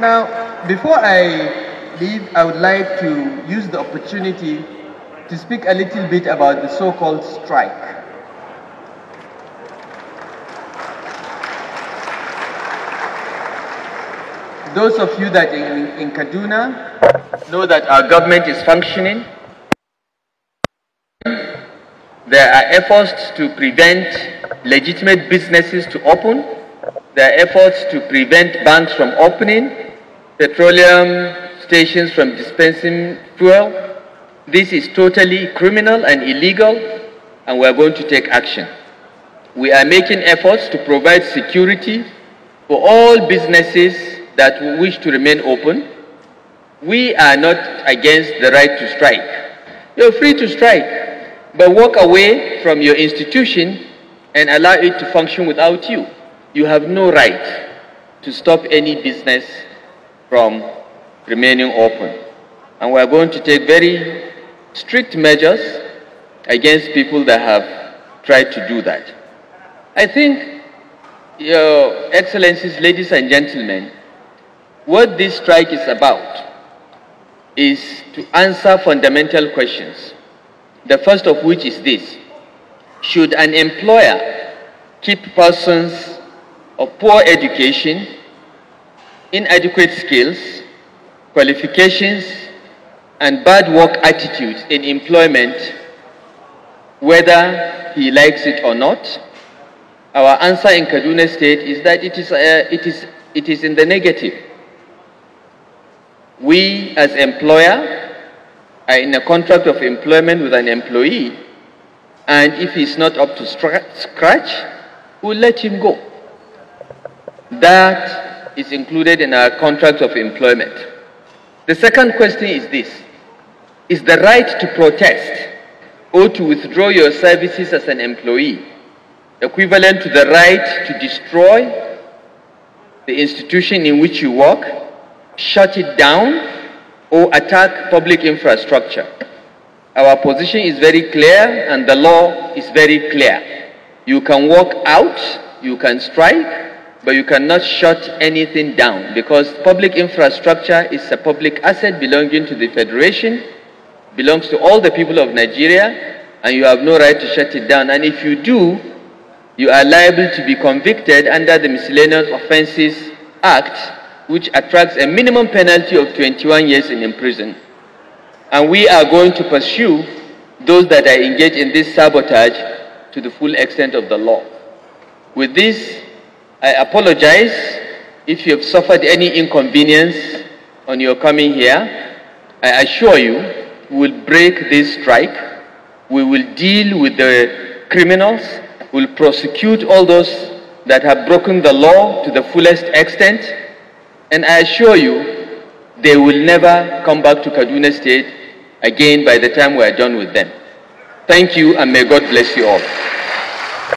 Now, before I leave, I would like to use the opportunity to speak a little bit about the so-called strike. Those of you that in, in Kaduna know that our government is functioning. There are efforts to prevent legitimate businesses to open. There are efforts to prevent banks from opening petroleum stations from dispensing fuel. This is totally criminal and illegal, and we are going to take action. We are making efforts to provide security for all businesses that wish to remain open. We are not against the right to strike. You're free to strike, but walk away from your institution and allow it to function without you. You have no right to stop any business from remaining open. And we are going to take very strict measures against people that have tried to do that. I think, Your Excellencies, ladies and gentlemen, what this strike is about is to answer fundamental questions. The first of which is this. Should an employer keep persons of poor education inadequate skills, qualifications, and bad work attitudes in employment, whether he likes it or not? Our answer in Kaduna State is that it is, uh, it is, it is in the negative. We, as employer, are in a contract of employment with an employee, and if he's not up to scratch, we'll let him go. That is included in our contract of employment. The second question is this. Is the right to protest or to withdraw your services as an employee equivalent to the right to destroy the institution in which you work, shut it down, or attack public infrastructure? Our position is very clear and the law is very clear. You can walk out, you can strike, but you cannot shut anything down because public infrastructure is a public asset belonging to the Federation, belongs to all the people of Nigeria, and you have no right to shut it down. And if you do, you are liable to be convicted under the Miscellaneous Offences Act, which attracts a minimum penalty of 21 years in prison. And we are going to pursue those that are engaged in this sabotage to the full extent of the law. With this, I apologize if you have suffered any inconvenience on your coming here. I assure you, we will break this strike. We will deal with the criminals. We will prosecute all those that have broken the law to the fullest extent. And I assure you, they will never come back to Kaduna State again by the time we are done with them. Thank you and may God bless you all.